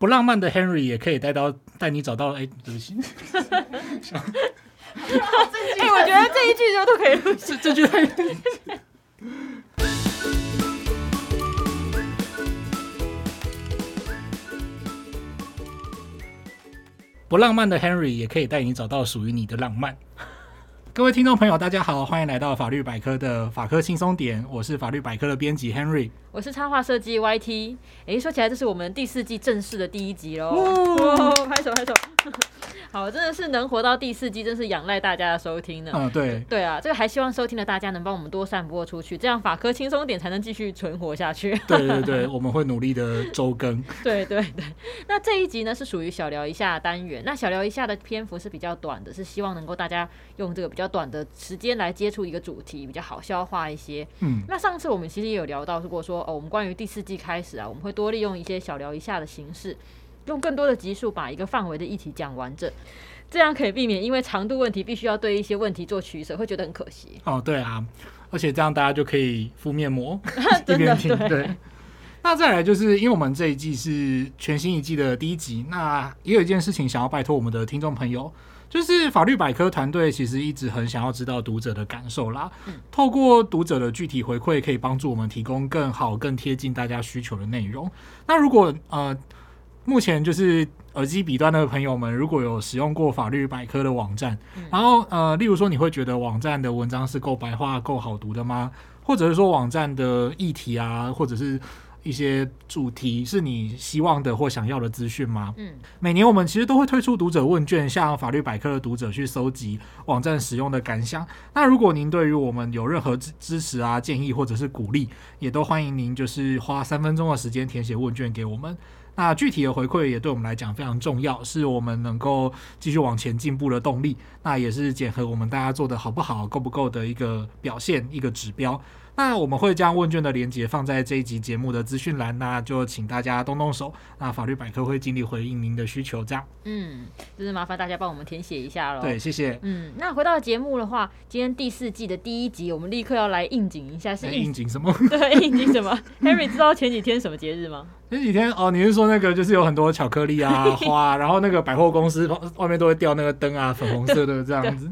不浪漫的 Henry 也可以帶到帶你找到哎，怎麼行？哎、 欸，我覺得這一句就都可以。這這句。 不浪漫的 Henry 也可以帶你找到屬於你的浪漫。各位聽眾朋友，大家好，歡迎來到法律百科的法科輕鬆點，我是法律百科的編輯 Henry，我是插畫設計 YT。哎、欸，說起來，這是我們第四季正式的第一集嘍、哦哦，拍手拍手！好，真的是能活到第四季，真是仰賴大家的收聽呢。嗯，對，對啊，這個還希望收聽的大家能幫我們多散播出去，這樣法科輕鬆點才能繼續存活下去。對對對， 我們會努力的周更。對對對，那這一集呢是屬於小聊一下單元，那小聊一下的篇幅是比較短的，是希望能夠大家用這個比較。短的時間來接觸一個主題，比較好消化一些。嗯，那上次我們其實也有聊到說，如果說哦，我們關於第四季開始啊，我們會多利用一些小聊一下的形式，用更多的集數把一個範圍的議題講完整，這樣可以避免因為長度問題必須要對一些問題做取捨，會覺得很可惜。哦，對啊，而且這樣大家就可以敷面膜、啊、真的、一邊聽對。對，那再來就是因為我們這一季是全新一季的第一集，那也有一件事情想要拜託我們的聽眾朋友。就是法律百科團隊其實一直很想要知道讀者的感受啦，透過讀者的具體回饋，可以幫助我們提供更好、更貼近大家需求的內容。那如果呃，目前就是耳機彼端的朋友們，如果有使用過法律百科的網站，然後呃，例如說你會覺得網站的文章是夠白話、夠好讀的嗎？或者是說網站的議題啊，或者是？一些主題是你希望的或想要的資訊嗎？嗯，每年我們其實都會推出讀者問卷，向法律百科的讀者去收集網站使用的感想。那如果您對於我們有任何支支持啊、建議或者是鼓勵，也都歡迎您就是花三分鐘的時間填寫問卷給我們。那具體的回饋也對我們來講非常重要，是我們能夠繼續往前進步的動力。那也是檢核我們大家做得好不好、夠不夠的一個表現、一個指標。那我們會將問卷的鏈接放在這一集節目的資訊欄，那就請大家動動手。那法律百科會盡力回應您的需求，這樣。嗯，就是麻煩大家幫我們填寫一下嘍。對，謝謝。嗯，那回到節目的話，今天第四季的第一集，我們立刻要來應景一下，是、欸、應景什麼？對，應景什麼 ？Harry 知道前幾天什麼節日嗎？前幾天哦，你是說那個就是有很多巧克力啊、 花啊，然後那個百貨公司外面都會掉那個燈啊，粉紅色的這樣子，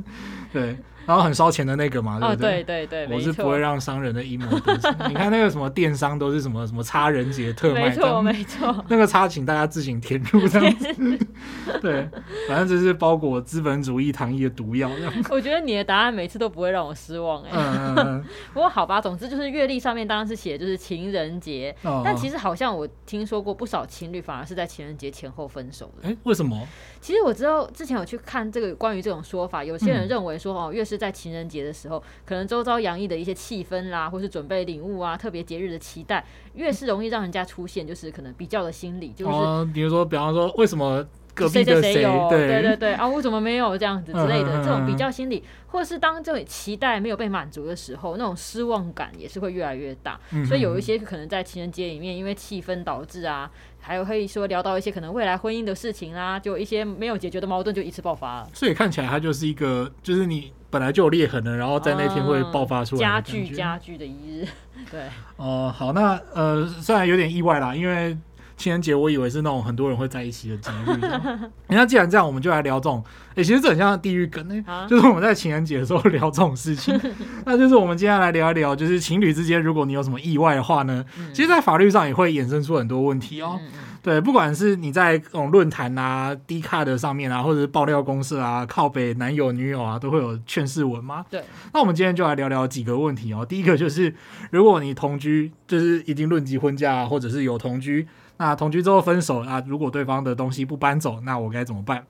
對。對對然後很燒錢的那個嘛，對不對？哦、對，對，對，我是不會讓商人的陰謀得逞。 你看那個什麼電商都是什麼什麼差人節特賣，沒錯沒錯。那個差，請大家自行填入這樣子。 對，反正這是包裹資本主義糖衣的毒藥這樣，我覺得你的答案每次都不會讓我失望哎、欸。嗯、 不過好吧，總之就是月曆上面當然是寫的就是情人節、哦，但其實好像我聽說過不少情侶反而是在情人節前後分手的。哎，為什麼？其實我知道，之前有去看這個關於這種說法，有些人認為說、嗯、哦，越是在情人節的時候，可能周遭洋溢的一些氣氛啦、啊，或是準備禮物啊，特別節日的期待，越是容易讓人家出現就是可能比較的心理，就是、哦、比如說，比方說，為什麼誰誰的誰、誰、誰有、哦對對，對對對，啊，為什麼沒有這樣子之類的嗯嗯嗯這種比較心理，或者是當這種期待沒有被滿足的時候，那種失望感也是會越來越大。嗯嗯，所以有一些可能在情人節裡面，因為氣氛導致啊。還有可以說聊到一些可能未來婚姻的事情啊，就一些沒有解決的矛盾就一次爆發了。所以看起來它就是一個，就是你本來就有裂痕了，然後在那天會爆發出來的、嗯，加劇加劇的一日。對，哦、呃，好，那呃，雖然有點意外啦，因為。情人節，我以為是那種很多人會在一起的節日。 欸、那既然這樣，我們就來聊這種。欸、其實這很像地獄梗、欸啊、就是我們在情人節的時候聊這種事情。 那就是我們今天來聊一聊，就是情侶之間，如果你有什麼意外的話呢？嗯、其實，在法律上也會衍生出很多問題哦、喔嗯。對，不管是你在這種論壇啊、Dcard 的上面啊，或者是爆料公社啊、靠北男友女友啊，都會有勸世文嘛。對，那我們今天就來聊聊幾個問題哦、喔。第一個就是，如果你同居，就是已經論及婚嫁、啊，或者是有同居。那同居之後分手啊，如果對方的東西不搬走，那我該怎麼辦？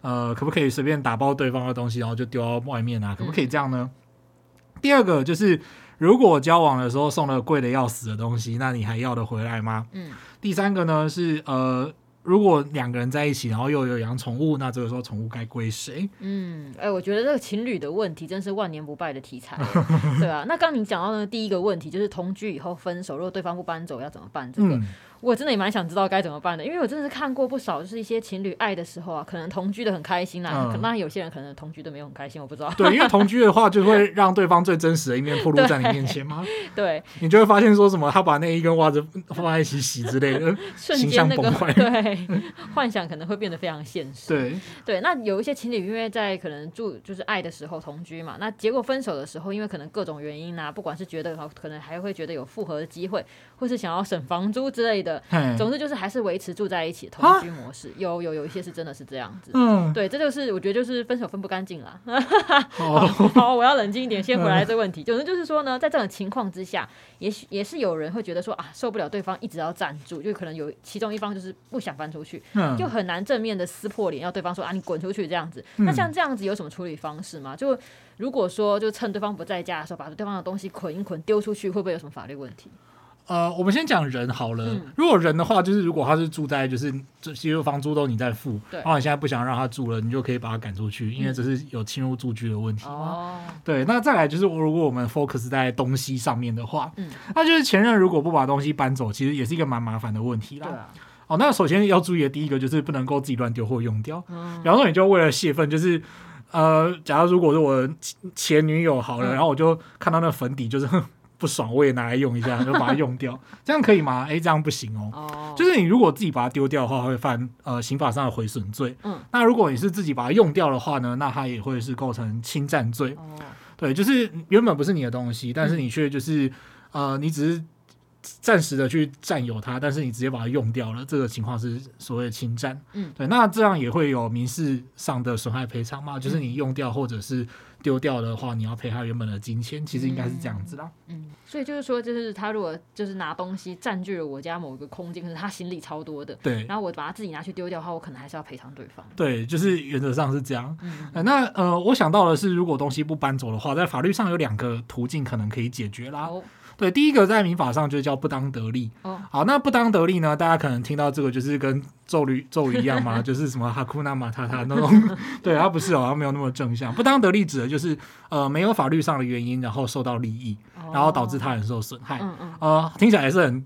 呃，可不可以隨便打包對方的東西，然後就丟到外面啊？可不可以這樣呢、嗯？第二個就是，如果交往的時候送了貴的要死的東西，那你還要得回來嗎？嗯。第三個呢是呃，如果兩個人在一起，然後又有養寵物，那這個時候寵物該歸誰？嗯，哎、欸，我覺得這個情侶的問題真是萬年不敗的題材， 對吧、啊？那剛你講到的第一個問題就是同居以後分手，如果對方不搬走要怎麼辦？這個。嗯我真的也蠻想知道該怎麼辦的，因為我真的是看過不少，就是一些情侶愛的時候啊，可能同居的很開心啦，嗯、可能當然有些人可能同居都沒有很開心，我不知道。對， 因為同居的話，就會讓對方最真實的一面暴露在你面前嗎？對，你就會發現說什麼他把內衣跟襪子放在一起洗之類的， 瞬間、那個、崩壞。對， 幻想可能會變得非常現實。對對，那有一些情侶因為在可能住就是愛的時候同居嘛，那結果分手的時候，因為可能各種原因吶、啊，不管是覺得可能還會覺得有復合的機會，或是想要省房租之類的。總之就是還是維持住在一起同居模式，啊、有有有一些是真的是這樣子，嗯，對，這就是我覺得就是分手分不乾淨了。好，我要冷靜一點，先回來這個問題、嗯。總之就是說呢，在這種情況之下，也許也是有人會覺得說啊，受不了對方一直要站住，就可能有其中一方就是不想搬出去，就、嗯、很難正面的撕破臉，要對方說啊你滾出去這樣子、嗯。那像這樣子有什麼處理方式嗎？就如果說就趁對方不在家的時候，把對方的東西捆一捆丟出去，會不會有什麼法律問題？呃，我們先講人好了。嗯、如果人的話，就是如果他是住在就是，其實房租都你在付，然後你現在不想讓他住了，你就可以把他趕出去，嗯、因為這是有侵入住居的問題、哦。對。那再來就是，如果我們 focus 在東西上面的話，那、嗯啊、就是前任如果不把東西搬走，其實也是一個蠻麻煩的問題啦。對啊、哦，那首先要注意的第一個就是不能夠自己亂丟或用掉。嗯、然後你就為了洩憤，就是呃，假如如果是我前女友好了、嗯，然後我就看到那個粉底，就是。嗯不爽我也拿來用一下，就把它用掉， 這樣可以嗎？哎、欸，這樣不行哦、喔。Oh. 就是你如果自己把它丟掉的話，會犯呃刑法上的毀損罪，嗯。那如果你是自己把它用掉的話呢，那它也會是構成侵佔罪。Oh. 對，就是原本不是你的東西，但是你卻就是，嗯、呃，你只是。暫時的去佔有它，但是你直接把它用掉了，這個情況是所謂的侵占，嗯，對，那這樣也會有民事上的損害賠償嘛，嗯，就是你用掉或者是丟掉的話，你要賠他原本的金錢，其實應該是這樣子啦。嗯，嗯，所以就是說，就是他如果就是拿東西占據了我家某一個空間，可是他行李超多的，對，然後我把它自己拿去丟掉的話，我可能還是要賠償對方。對，就是原則上是這樣。嗯，哎，那呃，我想到的是，如果東西不搬走的話，在法律上有兩個途徑可能可以解決啦。哦對，第一個在民法上就叫不當得利。Oh. 好，那不當得利呢？大家可能聽到這個就是跟咒語咒語一樣嘛， 就是什麼哈庫那瑪塔塔那種。對，它不是哦，它沒有那麼正向。 不當得利指的就是呃沒有法律上的原因，然後受到利益，oh. 然後導致他人受損害。嗯嗯。呃，聽起來還是很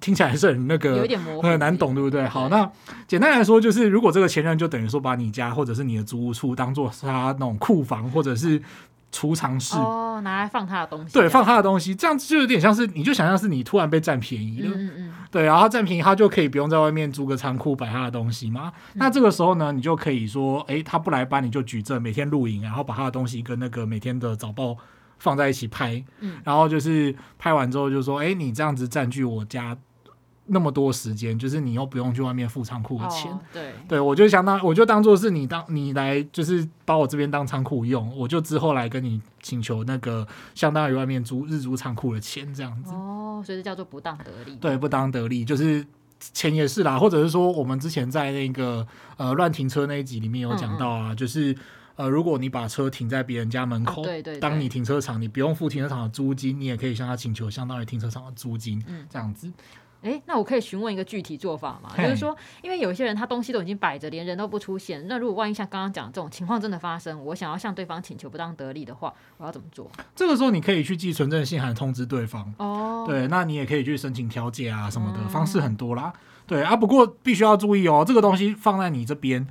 聽起來還是很那個有點很難懂對，對不對？好，那簡單來說就是，如果這個前任就等於說把你家或者是你的租屋處當做是他那種庫房，oh. 或者是。儲藏室哦，拿來放他的東西。對，放他的東西，這樣子就有點像是，你就想象是，你突然被占便宜了。嗯嗯。對，然後占便宜，他就可以不用在外面租個倉庫擺他的東西嘛。那這個時候呢，你就可以說，誒，他不來搬，你就舉證，每天錄影，然後把他的東西跟那個每天的早報放在一起拍。嗯。然後就是拍完之後，就說，誒，你這樣子占據我家。那麼多時間，就是你又不用去外面付倉庫的錢，哦、對對，我就相當，我就當做是你當你來，就是把我這邊當倉庫用，我就之後來跟你請求那個相當於外面租日租倉庫的錢這樣子。哦，所以這叫做不當得利。對，不當得利就是錢也是啦，或者是說我們之前在那個呃亂停車那一集裡面有講到啊，嗯嗯，就是呃，如果你把車停在別人家門口、嗯對對對，當你停車場，你不用付停車場的租金，你也可以向他請求相當於停車場的租金，嗯，這樣子。哎，那我可以詢問一個具體做法嗎？就是說，因為有些人他東西都已經擺着，連人都不出現。那如果萬一像剛剛講的這種情況真的發生，我想要向對方請求不當得利的話，我要怎麼做？這個時候你可以去寄存證信函通知對方。哦，對，那你也可以去申請調解啊，什麼的、嗯、方式很多啦。對啊，不過必須要注意哦，這個東西放在你這邊。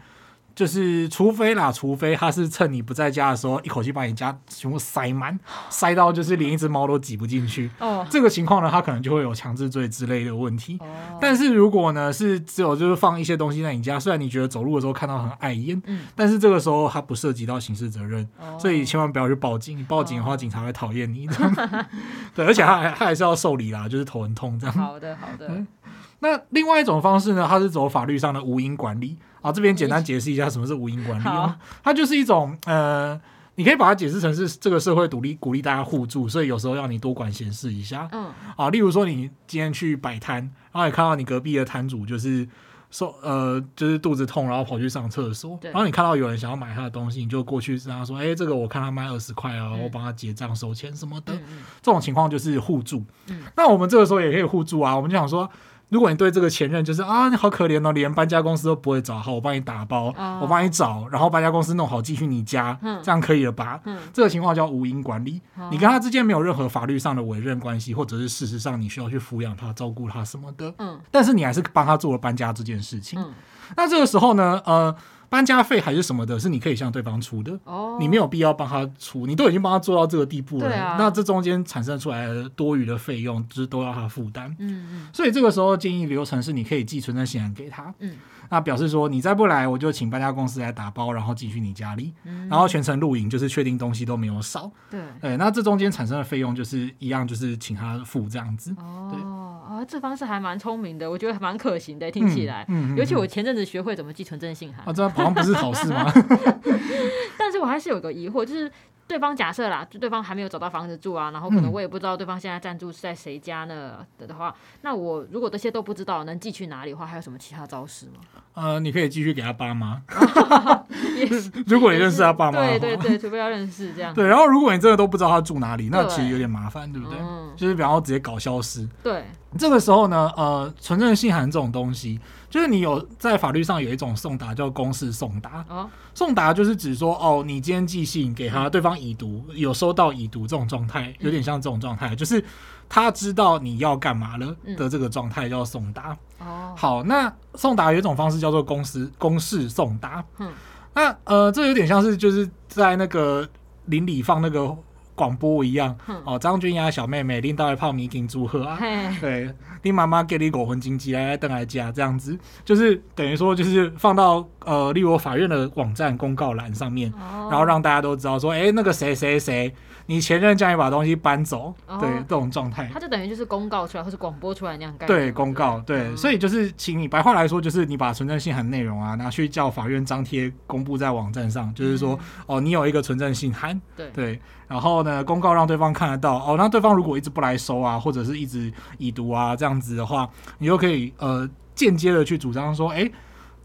就是除非啦，除非他是趁你不在家的時候一口氣把你家全部塞滿，塞到，就是連一隻貓都擠不進去。哦，這個情況呢，他可能就會有強制罪之類的問題。但是如果呢，是只有就是放一些東西在你家，雖然你覺得走路的時候看到很礙眼，但是這個時候他不涉及到刑事責任，所以千萬不要去報警。報警的話，警察會討厭你。對，而且他還他還是要受理啦，就是頭很痛這樣。好的好的。嗯，那另外一種方式呢，他是走法律上的無因管理。啊，這邊簡單解釋一下什麼是無因管理啊、哦，它就是一種呃，你可以把它解釋成是這個社會獨立，鼓勵大家互助，所以有時候要你多管閒事一下、嗯，啊，例如說你今天去擺攤，然後你看到你隔壁的攤主就是說呃，就是肚子痛，然後跑去上廁所，然後你看到有人想要買他的東西，你就過去跟他說，哎、欸，這個我看他賣二十塊啊，嗯、我幫他結賬收錢什麼的，嗯、這種情況就是互助、嗯。那我們這個時候也可以互助啊，我們就想說。如果你對這個前任就是啊，你好可憐哦，連搬家公司都不會找，好，我幫你打包，哦、我幫你找，然後搬家公司弄好，寄去你家、嗯，這樣可以了吧、嗯？這個情況叫無因管理、嗯，你跟他之間沒有任何法律上的委任關係、嗯，或者是事實上你需要去撫養他、照顧他什麼的，嗯、但是你還是幫他做了搬家這件事情。嗯、那這個時候呢，呃。搬家費還是什麼的，是你可以向對方出的，oh, 你沒有必要幫他出，你都已經幫他做到這個地步了，啊、那這中間產生出來的多餘的費用，就是都要他負擔、嗯嗯。所以這個時候建議流程是，你可以寄存證信函給他。嗯那表示說，你再不來，我就請搬家公司來打包，然後寄去你家裡，嗯、然後全程錄影，就是確定東西都沒有少。對、欸，那這中間產生的費用，就是一樣，就是請他付這樣子。哦，啊、哦，這方式還蠻聰明的，我覺得蠻可行的，聽起來。嗯嗯、尤其我前陣子學會怎麼寄存證信函，啊，這好像不是好事嗎？ 但是我還是有個疑惑，就是。對方假設啦，就對方還沒有找到房子住啊，然後可能我也不知道對方現在暫住是在誰家呢、嗯、的話，那我如果這些都不知道，能寄去哪裡的話，還有什麼其他招式嗎？呃，你可以寄去給他爸媽、哦， 如果你認識他爸媽，對對對，除非他認識這樣。對，然後如果你真的都不知道他住哪裡，那其實有點麻煩，對，對不對、嗯？就是比方說直接搞消失。對。這個時候呢，呃，存證信函這種東西，就是你有在法律上有一種送達叫公示送達啊、哦，送達就是指說，哦，你今天寄信給他，嗯、對方已讀，有收到已讀這種狀態，有點像這種狀態、嗯，就是他知道你要幹嘛了的這個狀態、嗯、叫送達。哦，好，那送達有一種方式叫做公示公示送達。嗯，那呃，這有點像是就是在那個鄰里放那個。廣播一樣哦，張君雅小妹妹拎到一泡米給你祝賀啊， 對，你媽媽給你狗婚金雞來等來家這樣子，就是等於說就是放到呃，例如我法院的網站公告欄上面。oh。然後讓大家都知道說，哎、欸，那個誰誰誰。你前任這樣把東西搬走，哦、對這種狀態，他就等於就是公告出來或是廣播出來的那樣，對，公告對，公告對、嗯，所以就是，請你白話來說，就是你把存證信函內容啊拿去叫法院張貼公布在網站上、嗯，就是說，哦，你有一個存證信函、嗯，對，然後呢，公告讓對方看得到，哦，那對方如果一直不來收啊，或者是一直已讀啊這樣子的話，你就可以呃間接的去主張說，哎、欸。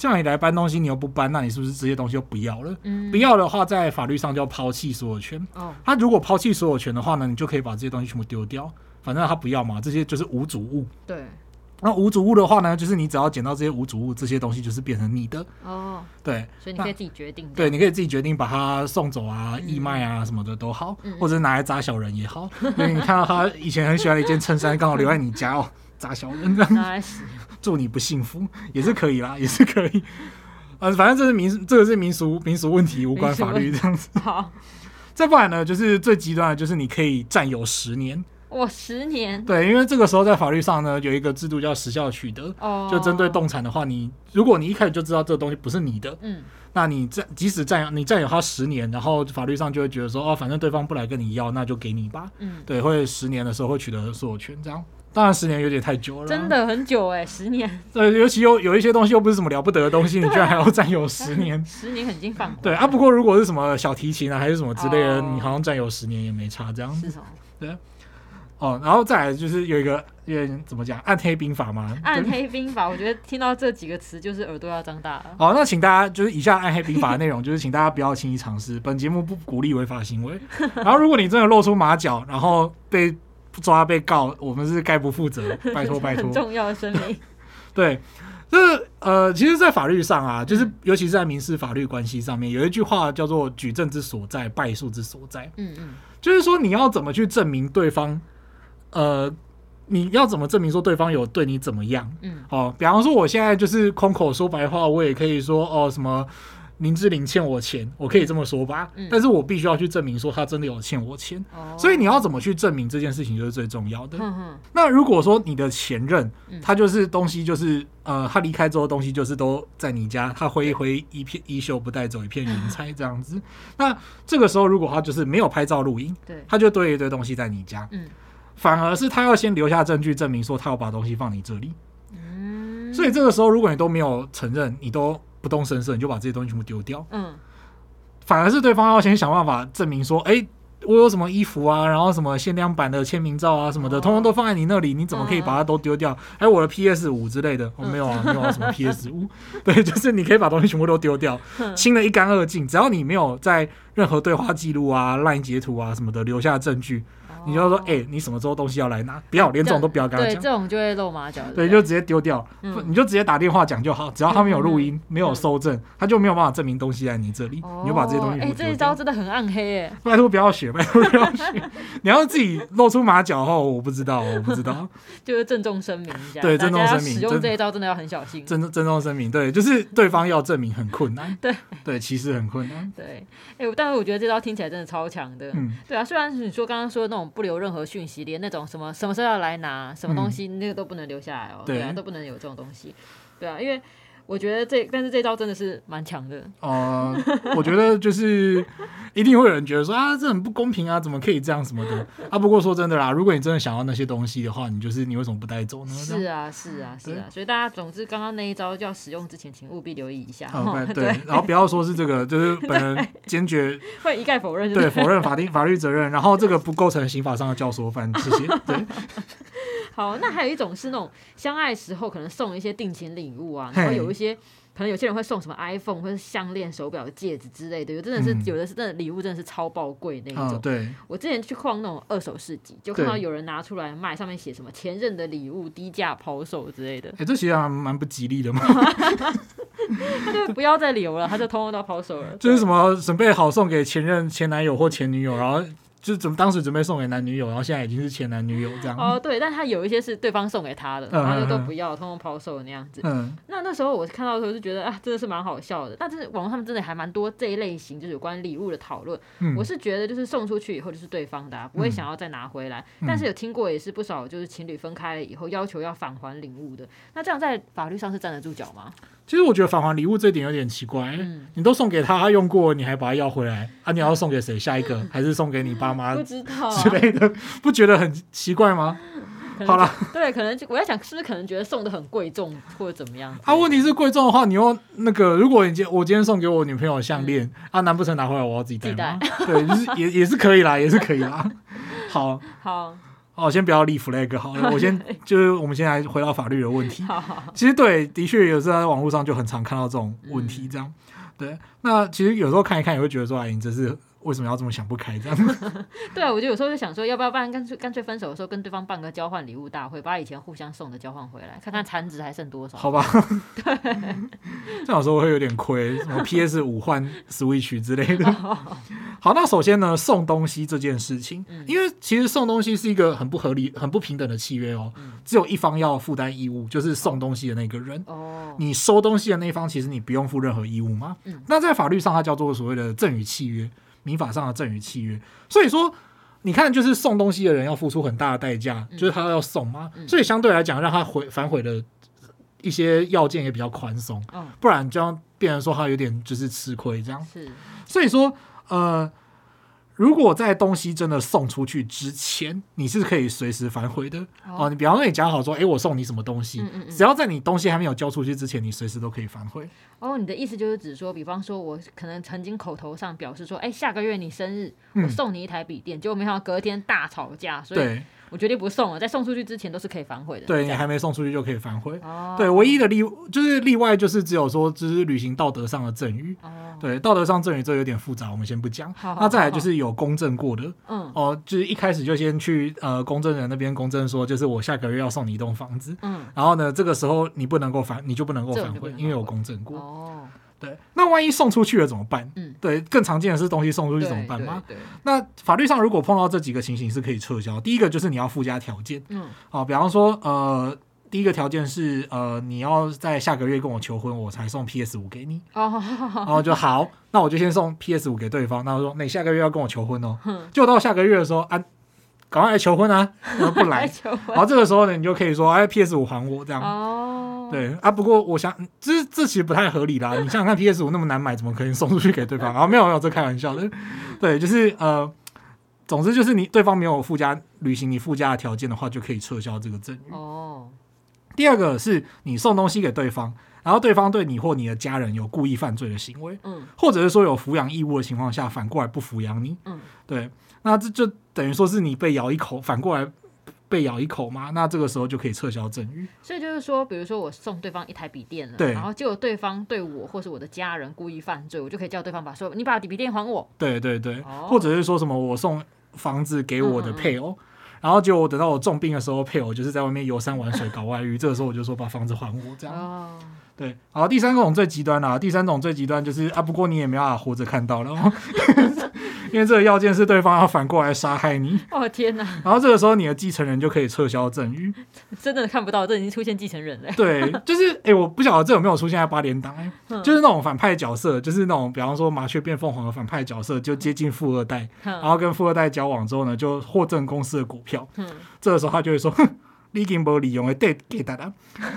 像你來搬東西，你又不搬，那你是不是這些東西就不要了、嗯？不要的話，在法律上就要拋棄所有權。他、哦、如果拋棄所有權的話呢，你就可以把這些東西全部丟掉，反正他不要嘛。這些就是無主物。對，那無主物的話呢，就是你只要撿到這些無主物，這些東西就是變成你的。哦，對，所以你可以自己決定。對，對，你可以自己決定把它送走啊、嗯、義賣啊什麼的都好，嗯、或者是拿來扎小人也好。因、嗯、為你看到他以前很喜歡的一件襯衫，剛好留在你家哦， 哦，扎小人。 祝你不幸福也是可以啦，也是可以。呃，反正這是民，這個是民俗民俗問題，無關法律這樣子。好，再不然呢，就是最極端的，就是你可以佔有十年。哇、哦，十年！對，因為這個時候在法律上呢，有一個制度叫時效取得。哦。就針對動產的話，你如果你一開始就知道這東西不是你的，嗯，那你在即使佔有，你佔有它十年，然後法律上就會覺得說，哦，反正對方不來跟你要，那就給你吧。嗯。對，會十年的時候會取得所有權這樣。當然，十年有點太久了。啊，真的很久哎、欸，十年。呃，尤其有有一些東西又不是什麼了不得的東西， 你居然還要占有十年， 十年很經放。對啊，不過如果是什麼小提琴啊，還是什麼之類的，oh, 你好像占有十年也沒差這樣。是什麼？對，哦，然後再來就是有一個，有點怎麼講，暗黑兵法嘛。暗黑兵法， 我覺得聽到這幾個詞就是耳朵要張大了。好，那請大家就是以下暗黑兵法的內容， 就是請大家不要輕易嘗試，本節目不鼓勵違法行為。然後，如果你真的露出馬腳，然後被。抓被告，我們是概不負責。拜托拜托， 重要聲明 對，就是呃，其實，在法律上啊，嗯、就是尤其是在民事法律關係上面，有一句話叫做“舉證之所在，敗訴之所在”。嗯嗯，就是說，你要怎麼去證明對方？呃，你要怎麼證明說對方有對你怎麼樣？嗯，好、哦，比方說，我現在就是空口說白話，我也可以說哦什麼。林志玲欠我錢，我可以這麼說吧，嗯、但是我必須要去證明說他真的有欠我錢、嗯。所以你要怎麼去證明這件事情就是最重要的。嗯嗯、那如果說你的前任，嗯、他就是東西就是呃，他離開之後東西就是都在你家，嗯、他揮一揮一片衣袖不帶走一片雲彩這樣子、嗯。那這個時候如果他就是沒有拍照錄音，對，他就堆一堆東西在你家、嗯，反而是他要先留下證據證明說他要把東西放你這裡、嗯。所以這個時候如果你都沒有承認，你都。不動聲色，你就把這些東西全部丟掉。嗯，反而是對方要先想辦法證明說，誒、嗯欸，我有什麼衣服啊，然後什麼限量版的簽名照啊什麼的、哦，通通都放在你那裡，你怎麼可以把它都丟掉？還、嗯、有、欸、我的 PS 五之類的，我、嗯哦、沒有啊，沒有啊，嗯、什麼 PS 五？ 對，就是你可以把東西全部都丟掉，嗯、清得一乾二淨，只要你沒有在任何對話記錄啊、LINE 截圖啊什麼的留下證據。你就說，哎、欸，你什麼時候東西要來拿？不要連這種都不要跟他講，對，這種就會露馬腳。對，就直接丟掉、嗯，你就直接打電話講就好。只要他沒有錄音、嗯，沒有搜證，他就沒有辦法證明東西在你這裡。哦、你就把這些東西。哎、欸，這一招真的很暗黑、欸，哎。拜托不要學，拜托不要學。 你要自己露出馬腳的話，我不知道，我不知道。 就是鄭重聲明一下，對，鄭重聲明，使用這一招真的要很小心。鄭重鄭重聲明，對，就是對方要證明很困難。對，對，其實很困難。對，哎、欸，但是我覺得這招聽起來真的超強的、嗯。對啊，雖然是你說剛剛說的那種。不留任何訊息，連那種什麼什麼時候要來拿，什麼東西、嗯、那個都不能留下來哦，對，對啊，都不能有這種東西，對啊，因為。我覺得這，但是這招真的是蠻強的。呃，我覺得就是一定會有人覺得說啊，這很不公平啊，怎麼可以這樣什麼的啊。不過說真的啦，如果你真的想要那些東西的話，你就是你為什麼不帶走呢？是啊，是啊，是啊。所以大家，總之剛剛那一招，就要使用之前，請務必留意一下。好，okay，對，然後不要說是這個，就是本人堅決會一概否認對，對，否認法定法律責任，然後這個不構成刑法上的教唆犯，直接 對。 好，那還有一種是那種相愛時候可能送一些定情禮物啊，然後有一些可能有些人會送什麼 iPhone 或者項鏈、手錶、戒指之類的，有真的是、嗯、有的是真的禮物，真的是超爆貴那一種、啊。對，我之前去逛那種二手市集，就看到有人拿出來賣，上面寫什麼前任的禮物，低價拋售之類的。哎、欸，這其實還蠻不吉利的嘛， 他就不要再留了，他就通通都拋售了。就是什麼？準備好送給前任、前男友或前女友，嗯、然後。就是準當時準備送給男女友，然後現在已經是前男女友這樣。哦，對，但他有一些是對方送給他的，然、嗯、後都不要，嗯、通通拋售那樣子。嗯，那那時候我看到的時候就覺得啊，真的是蠻好笑的。但是網絡上面真的還蠻多這一類型，就是有關禮物的討論、嗯。我是覺得就是送出去以後就是對方的、啊，不會想要再拿回來。嗯、但是有聽過也是不少，就是情侶分開了以後要求要返還禮物的、嗯。那這樣在法律上是站得住腳嗎？其實我覺得返還禮物這一點有點奇怪。嗯，你都送給他他用過，你還把他要回來、嗯、啊？你要送給誰？下一個、嗯、還是送給你爸？不知道、啊、之類的，不覺得很奇怪嗎？好了，對，可能就我在想，是不是可能覺得送的很貴重或者怎麼樣？他、啊、問題是貴重的話，你用那個，如果你今我今天送給我女朋友的項鏈、嗯，啊，難不成拿回來我要自己戴嗎？對，就是也也是可以啦， 也是可以啦。好，好，好我先不要立 flag 好我先 就是我們先來回到法律的問題。好好其實對，的確有時候在網絡上就很常看到這種問題，這樣、嗯、對。那其實有時候看一看也會覺得說，哎，你這是。為什麼要這麼想不開？這樣子 對啊，我就有時候就想說，要不要不然乾脆乾脆分手的時候跟對方辦個交換禮物大會，把以前互相送的交換回來，看看殘值還剩多少。好、嗯、吧，對， 這樣說我會有點虧，什麼 PS 五換 Switch 之類的。好，那首先呢，送東西這件事情、嗯，因為其實送東西是一個很不合理、很不平等的契約哦，嗯、只有一方要負擔義務，就是送東西的那個人、哦。你收東西的那一方，其實你不用負任何義務嗎？嗯、那在法律上，它叫做所謂的贈與契約。民法上的贈與契約，所以說你看，就是送東西的人要付出很大的代價，嗯，就是他要送嘛，嗯，所以相對來講，讓他回反悔的一些要件也比較寬鬆，嗯，不然就變成說他有點就是吃虧這樣，是，所以說，呃。如果在東西真的送出去之前，你是可以隨時反悔的、oh. 哦，你比方說你講好說，誒、欸、我送你什麼東西嗯嗯嗯，只要在你東西還沒有交出去之前，你隨時都可以反悔。哦、oh,，你的意思就是指說，比方說，我可能曾經口頭上表示說，誒、欸、下個月你生日，我送你一台筆電，就、嗯、沒想到隔天大吵架，所以對。我決定不送了，在送出去之前都是可以反悔的。對，你還沒送出去就可以反悔。Oh. 對，唯一的例就是例外就是只有說只是履行道德上的贈與。Oh. 對，道德上贈與這有點複雜，我們先不講。好、oh.，那再來就是有公證過的。嗯、oh.，哦，就是一開始就先去呃公證人那邊公證說，就是我下個月要送你一棟房子。嗯、oh.，然後呢，這個時候你不能夠反，你就不能夠反悔，oh. 因為有公證過。Oh. 對，那萬一送出去了怎麼辦、嗯？對，更常見的是東西送出去怎麼辦嗎？對，對對，那法律上如果碰到這幾個情形是可以撤銷。第一個就是你要附加條件，嗯好，比方說，呃，第一個條件是呃，你要在下個月跟我求婚，我才送 PS 五給你。哦，然後就好， 那我就先送 PS 五給對方。那我說你、欸、下個月要跟我求婚哦，就到下個月的時候啊。趕快來求婚啊！他不來， 然後這個時候呢，你就可以說：“哎，P S 五還我這樣。Oh. 對”對啊。不過我想，這這其實不太合理啦。你想想看 P S 五那麼難買，怎麼可以送出去給對方？啊， 沒有沒有，這開玩笑的。對，就是呃，總之就是你對方沒有附加履行你附加的條件的話，就可以撤銷這個贈與。哦、oh.。第二個是你送東西給對方。然後對方對你或你的家人有故意犯罪的行為，嗯，或者是說有撫養義務的情況下，反過來不撫養你，嗯，對，那這就等於說是你被咬一口，反過來被咬一口嘛。那這個時候就可以撤銷贈與。所以就是說，比如說我送對方一台筆電了，對，然後結果對方對我或是我的家人故意犯罪，我就可以叫對方把說你把筆電還我，對對對，哦、或者是說什麼我送房子給我的配偶，嗯嗯然後結果等到我重病的時候，配偶就是在外面游山玩水搞外遇， 這個時候我就說把房子還我這樣。哦對，然後第三種最極端啦。第三種最極端，啊、端就是啊，不過你也沒辦法活着看到了，哦， 因為這個要件是對方要反過來殺害你。哦天哪！然後這個時候你的繼承人就可以撤銷贈與。真的看不到，這已經出現繼承人嘞。對，就是哎，我不曉得這有沒有出現在八點檔，欸嗯，就是那種反派角色，就是那種比方說麻雀變鳳凰的反派的角色，就接近富二代，嗯，然後跟富二代交往之後呢，就獲贈公司的股票，嗯。這個時候他就會說，哼，嗯。你已經沒有利用的誒，對，給他，然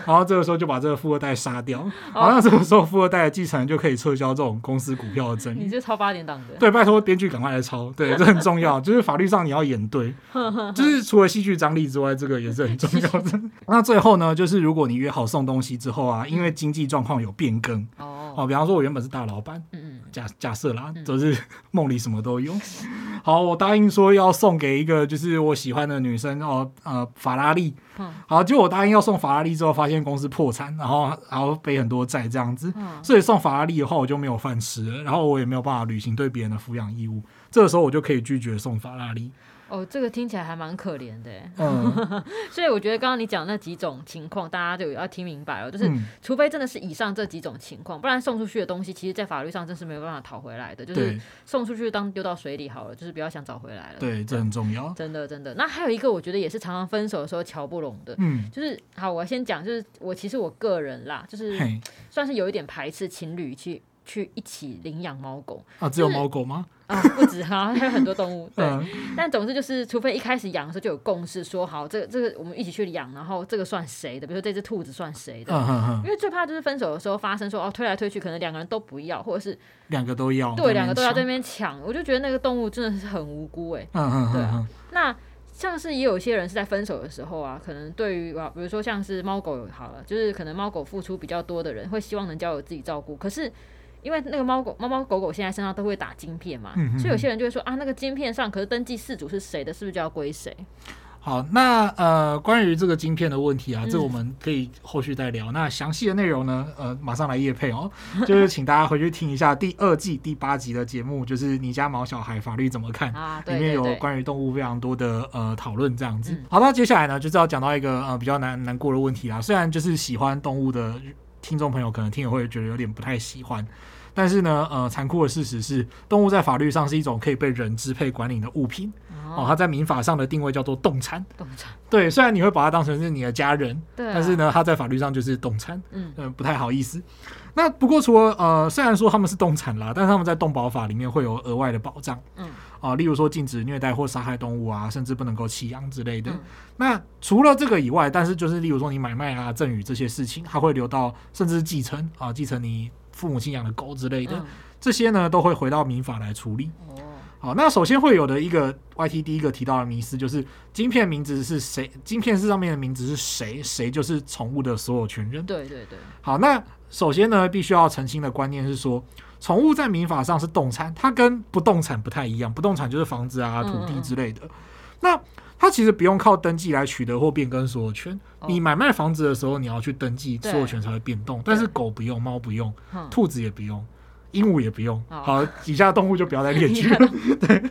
後這個時候就把這個富二代殺掉，好像這個時候富二代的繼承人就可以撤銷這種公司股票的爭議。你是抄八點檔的，對，拜託編劇趕快來抄，對，這很重要，就是法律上你要演對，就是除了戲劇張力之外，這個也是很重要的。那最後呢，就是如果你約好送東西之後啊，因為經濟狀況有變更。哦，比方說我原本是大老闆，假假設啦，就是夢裡什麼都有。好，我答應說要送給一個就是我喜歡的女生哦呃、法拉利。好，結果我答應要送法拉利之後，發現公司破產，然後還要背很多債這樣子。所以送法拉利的話，我就沒有飯吃了，然後我也沒有辦法履行對別人的扶養義務。這個時候我就可以拒絕送法拉利。哦，這個聽起來還蠻可憐的，嗯、 所以我覺得剛剛你講那幾種情況，大家就要聽明白哦，就是除非真的是以上這幾種情況、嗯，不然送出去的東西，其實在法律上真是沒有辦法討回來的，就是送出去當丟到水裡好了，就是不要想找回來了。對，對對這很重要，真的真的。那還有一個，我覺得也是常常分手的時候喬不攏的，嗯，就是好，我先講，就是我其實我個人啦，就是算是有一點排斥情侶去。去一起領養貓狗啊、就是？只有貓狗嗎？啊，不止，還、啊、有很多動物。 對，但總之就是，除非一開始養的時候就有共識說，說好，這個、這個我們一起去養，然後這個算誰的？比如說這只兔子算誰的、啊啊？因為最怕就是分手的時候發生說，說、啊、哦，推來推去，可能兩個人都不要，或者是兩個都要，對，兩個都要在那邊搶。我就覺得那個動物真的是很無辜哎、欸。嗯、啊、嗯、對啊、啊啊啊、那像是也有些人是在分手的時候啊，可能對於啊，比如說像是貓狗好了，就是可能貓狗付出比較多的人，會希望能交由自己照顧，可是。因為那個貓狗貓貓狗狗現在身上都會打晶片嘛，嗯、哼哼，所以有些人就會說啊，那個晶片上可是登記飼主是誰的，是不是就要歸誰？好，那呃，關於這個晶片的問題啊、嗯，這我們可以後續再聊。那詳細的內容呢，呃，馬上來業配哦，就是請大家回去聽一下第二季 第八集的節目，就是你家毛小孩法律怎麼看、啊、對對對裡面有關於動物非常多的呃討論這樣子、嗯。好，那接下來呢，就是要講到一個呃比較難難過的問題啊，雖然就是喜歡動物的。聽眾朋友可能聽了會覺得有點不太喜歡，但是呢，呃，殘酷的事實是，動物在法律上是一種可以被人支配管理的物品。哦，哦它在民法上的定位叫做動產。動產。對，雖然你會把它當成是你的家人、啊，但是呢，它在法律上就是動產、嗯。嗯，不太好意思。那不過除了呃，雖然說他們是動產啦，但是他們在動保法裡面會有額外的保障。嗯。啊，例如說禁止虐待或殺害動物啊，甚至不能夠棄養之類的、嗯。那除了這個以外，但是就是例如說你買賣啊、贈與這些事情，它會留到甚至繼承啊，繼承你父母親養的狗之類的，嗯、這些呢都會回到民法來處理。哦，好，那首先會有的一個 Y T 第一個提到的迷思就是晶片名字是誰？晶片是上面的名字是誰？誰就是寵物的所有權人？對對對。好，那首先呢，必須要澄清的觀念是說，寵物在民法上是動產，它跟不動產不太一樣。不動產就是房子啊、土地之類的。嗯、那它其實不用靠登記來取得或變更所有權，哦。你買賣房子的時候，你要去登記所有權才會變動。但是狗不用，貓不用、嗯，兔子也不用，嗯、鸚鵡也不用。哦、好，以下動物就不要再列舉了。 對。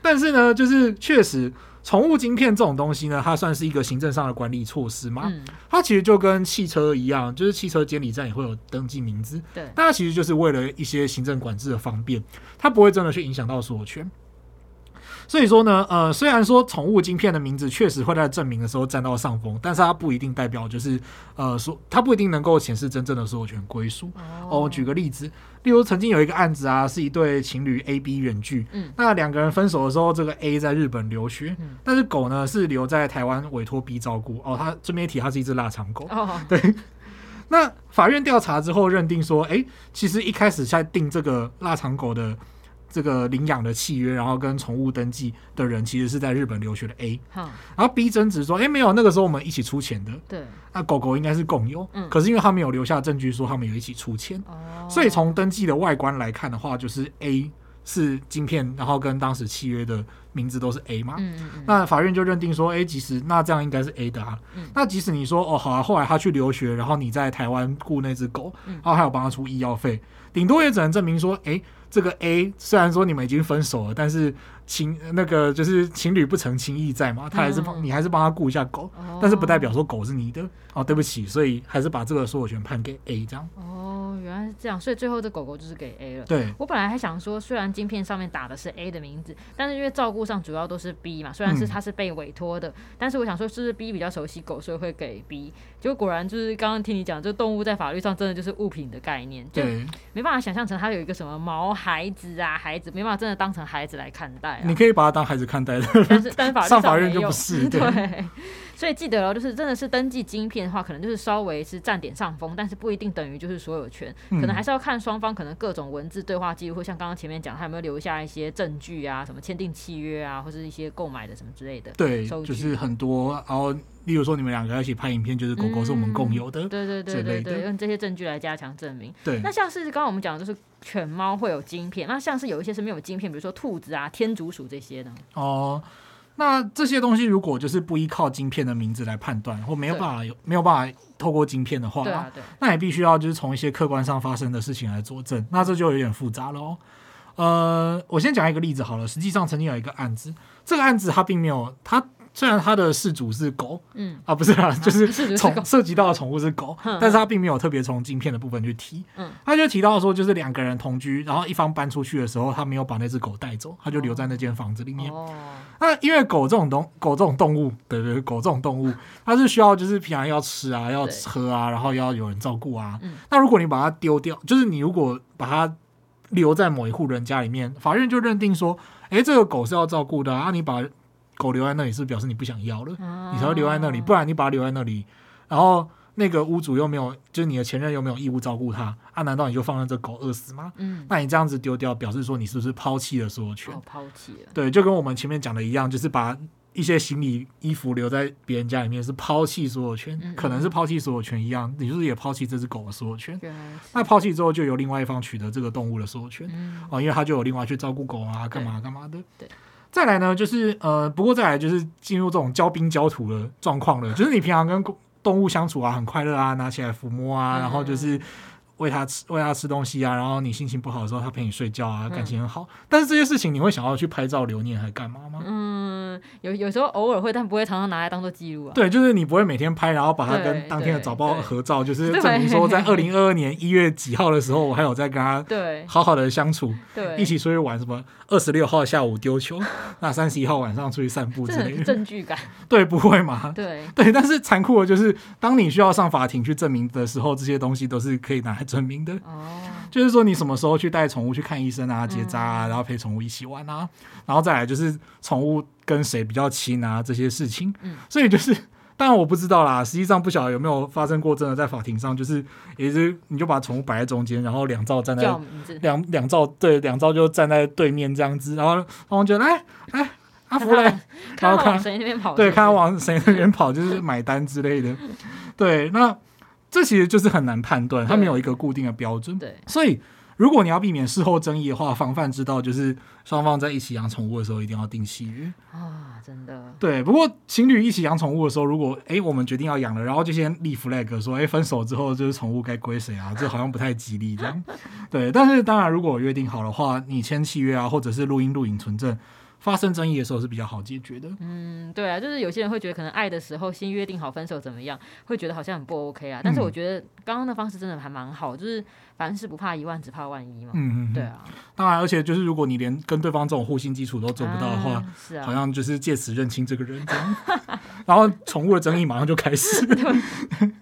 但是呢，就是確實。寵物晶片這種東西呢，它算是一個行政上的管理措施嘛、嗯。它其實就跟汽車一樣，就是汽車監理站也會有登記名字。對，但它其實就是為了一些行政管制的方便，它不會真的去影響到所有權。所以說呢，呃，雖然說寵物晶片的名字確實會在證明的時候佔到上風，但是它不一定代表就是，呃，說它不一定能夠顯示真正的所有權歸屬。Oh. 哦，我舉個例子，例如曾經有一個案子啊，是一對情侶 A B 遠距，嗯、那兩個人分手的時候，這個 A 在日本留學，嗯、但是狗呢是留在台灣委託 B 照顧。哦，它這邊一提它是一隻臘腸狗。Oh. 對。Oh. 那法院調查之後認定說，哎、欸，其實一開始在定這個臘腸狗的。這個領養的契約，然後跟寵物登記的人其實是在日本留學的 A，然後 B 爭執說，哎，沒有，那個時候我們一起出錢的。對，那狗狗應該是共有，可是因為他沒有留下證據說他們有一起出錢，所以從登記的外觀來看的話，就是 A 是晶片，然後跟當時契約的名字都是 A 嘛。嗯嗯。那法院就認定說，哎，其實那這樣應該是 A 的啊。嗯。那即使你說，哦，好了、啊，後來他去留學，然後你在台灣顧那隻狗，然後還有幫他出醫藥費，頂多也只能證明說，哎。這個 A 雖然說你們已經分手了，但是。情那個就是情侶不成情義在嘛，他還是、嗯、你還是幫他顧一下狗，哦，但是不代表說狗是你的哦，對不起，所以還是把這個所有權判給 A 這樣哦，原來是這樣，所以最後這狗狗就是給 A 了。對，我本來還想說，雖然晶片上面打的是 A 的名字，但是因為照顧上主要都是 B 嘛，雖然是他是被委託的，嗯，但是我想說是不是 B 比較熟悉狗，所以會給 B。結果果然就是剛剛聽你講，這動物在法律上真的就是物品的概念，就沒辦法想象成它有一個什麼毛孩子啊，孩子沒辦法真的當成孩子來看待。你可以把他當孩子看待的，但是,但是上法院就不是。對,對，所以記得哦，就是真的是登記晶片的話，可能就是稍微是占點上風，但是不一定等於就是所有權，可能還是要看雙方可能各種文字對話記錄，或像剛剛前面講，他有沒有留下一些證據啊，什麼簽訂契約啊，或是一些購買的什麼之類的。對,對，就是很多，然後。例如說，你們兩個要一起拍影片，就是狗狗是我們共有的。嗯，對對對對對、對，用這些證據來加強證明。對，那像是剛剛我們講的，就是犬貓會有晶片，那像是有一些是沒有晶片，比如說兔子啊、天竺鼠這些呢？哦，那這些東西如果就是不依靠晶片的名字來判斷，或沒有辦法有沒有辦法透過晶片的話，對啊、對，那也必須要就是從一些客觀上發生的事情來佐證，那這就有點複雜嘍。呃，我先講一個例子好了。實際上曾經有一個案子，這個案子它並沒有它。雖然它的飼主是狗，嗯啊，啊，不是啦，就是寵涉及到的寵物是狗，嗯、但是它並沒有特別從晶片的部分去提，嗯、他就提到說，就是兩個人同居，然後一方搬出去的時候，他沒有把那隻狗帶走，他就留在那間房子裡面。那、哦啊、因為狗這種東狗這種動物，動物對，對對，狗這種動物，它、嗯、是需要就是平常要吃啊，要喝啊，然後要有人照顧啊、嗯。那如果你把它丟掉，就是你如果把它留在某一戶人家裡面，法院就認定說，哎、欸，這個狗是要照顧的啊，啊。」你把。狗留在那裡是不是表示你不想要了，你才會留在那裡。啊、不然你把它留在那裡，然後那個屋主又沒有，就是你的前任又沒有義務照顧它。啊，難道你就放在這狗餓死嗎？嗯，那你這樣子丟掉，表示說你是不是拋棄了所有權？哦、拋棄了。對，就跟我們前面講的一樣，就是把一些行李、嗯、衣服留在別人家裡面是拋棄所有權，嗯、可能是拋棄所有權一樣，你就是也拋棄這隻狗的所有權。嗯、那拋棄之後，就由另外一方取得這個動物的所有權。嗯。哦，因為他就有另外去照顧狗啊，幹嘛幹嘛的。對。再來呢，就是呃，不過再來就是進入這種交兵交土的狀況了。就是你平常跟動物相處啊，很快樂啊，拿起來撫摸啊，然後就是。餵它吃餵它吃東西啊，然後你心情不好的時候，它陪你睡覺啊、嗯，感情很好。但是這些事情你會想要去拍照留念還是幹嘛嗎？嗯，有有時候偶爾會，但不會常常拿來當做記錄啊。對，就是你不會每天拍，然後把它跟當天的早報合照，就是證明說在二零二二年一月幾號的時候，我還有在跟他對好好的相處，對，對一起出去玩什麼二十六號下午丟球，那三十一號晚上出去散步之類的這很證據感。對，不會嘛？對對，但是殘酷的就是，當你需要上法庭去證明的時候，這些東西都是可以拿來。證明的，就是說你什麼時候去帶寵物去看醫生啊、結紮啊，然後陪寵物一起玩啊，然後再來就是寵物跟誰比較親啊這些事情。所以就是當然我不知道啦，實際上不曉得有沒有發生過，真的在法庭上就是，也就是你就把寵物擺在中間，然後兩造站在兩兩造對兩造就站在對面這樣子，然後我們覺得哎哎，阿福來，然後看誰，對，看它往誰那邊跑就是買單之類的，對，那。這其實就是很難判斷，它沒有一個固定的標準。對，對，所以如果你要避免事後爭議的話，防範之道就是雙方在一起養寵物的時候一定要訂契約啊，真的。對，不過情侶一起養寵物的時候，如果哎我們決定要養了，然後就先立 flag 說哎分手之後就是寵物該歸誰啊，這好像不太吉利，這樣。 對，但是當然如果約定好的話，你簽契約啊，或者是錄音錄影存證。發生爭議的時候是比較好解決的。嗯，對啊，就是有些人會覺得可能愛的時候先約定好分手怎麼樣，會覺得好像很不 OK 啊。但是我覺得剛剛的方式真的還蠻好、嗯，就是凡事不怕一萬，只怕萬一嘛。嗯嗯，對啊。當然，而且就是如果你連跟對方這種互信基礎都做不到的話、啊，是啊，好像就是借此認清這個人這樣， 然後寵物的爭議馬上就開始。 對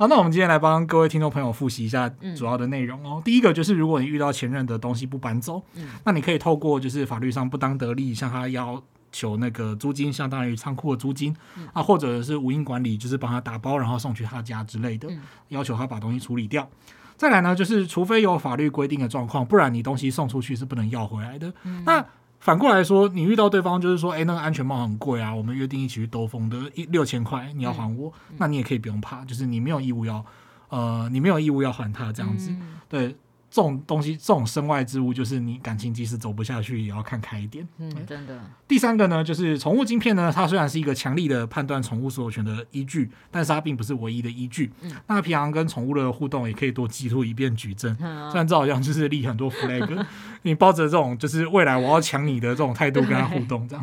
好，那我們今天來幫各位聽眾朋友複習一下主要的內容哦、嗯。第一個就是，如果你遇到前任的東西不搬走、嗯，那你可以透過就是法律上不當得利，向他要求那個租金，相當於倉庫的租金、嗯、啊，或者是無因管理，就是幫他打包然後送去他家之類的、嗯，要求他把東西處理掉。再來呢，就是除非有法律規定的狀況，不然你東西送出去是不能要回來的。嗯、那反過來說，你遇到對方就是說，哎、欸，那個安全帽很貴啊，我們約定一起去兜風的，一六千塊你要還我、嗯，那你也可以不用怕，就是你沒有義務要，呃，你沒有義務要還他這樣子，嗯、對。這種東西，這種身外之物，就是你感情即使走不下去，也要看開一點。嗯，真的。第三個呢，就是寵物晶片呢，它雖然是一個強力的判斷寵物所有權的依據，但是它並不是唯一的依據。嗯、那平常跟寵物的互動也可以多記錄一遍舉證、嗯哦。雖然這好像就是立很多 flag， 你抱着這種就是未來我要搶你的這種態度跟他互動這樣，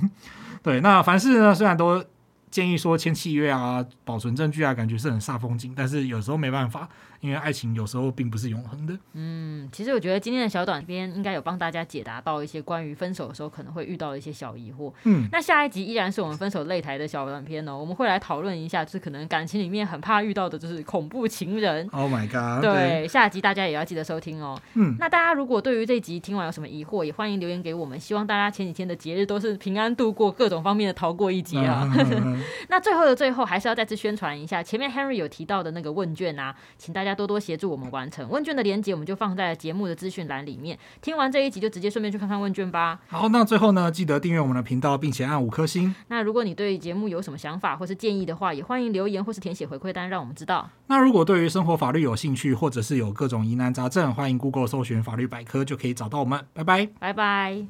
對。對，那凡事呢，雖然都建議說簽契約啊、保存證據啊，感覺是很煞風景，但是有時候沒辦法。因為愛情有時候並不是永恆的。嗯，其實我覺得今天的小短片應該有幫大家解答到一些關於分手的時候可能會遇到的一些小疑惑。嗯，那下一集依然是我們分手擂台的小短片哦，我們會來討論一下，就是可能感情裡面很怕遇到的就是恐怖情人。Oh my god！對，對，下一集大家也要記得收聽哦。嗯，那大家如果對於這集聽完有什麼疑惑，也歡迎留言給我們。希望大家前幾天的節日都是平安度過，各種方面的逃過一劫啊。Uh, uh. 那最後的最後，還是要再次宣傳一下前面 Henry 有提到的那個問卷吶、啊，請大家。多多協助我們完成問卷的連接，我們就放在了節目的資訊欄裡面。聽完這一集就直接順便去看看問卷吧。好，那最後呢，記得訂閱我們的頻道，並且按五顆星。那如果你對節目有什麼想法或是建議的話，也歡迎留言或是填寫回饋單，讓我們知道。那如果對於生活法律有興趣，或者是有各種疑難雜症，歡迎 Google 搜尋法律百科，就可以找到我們。拜拜，拜拜。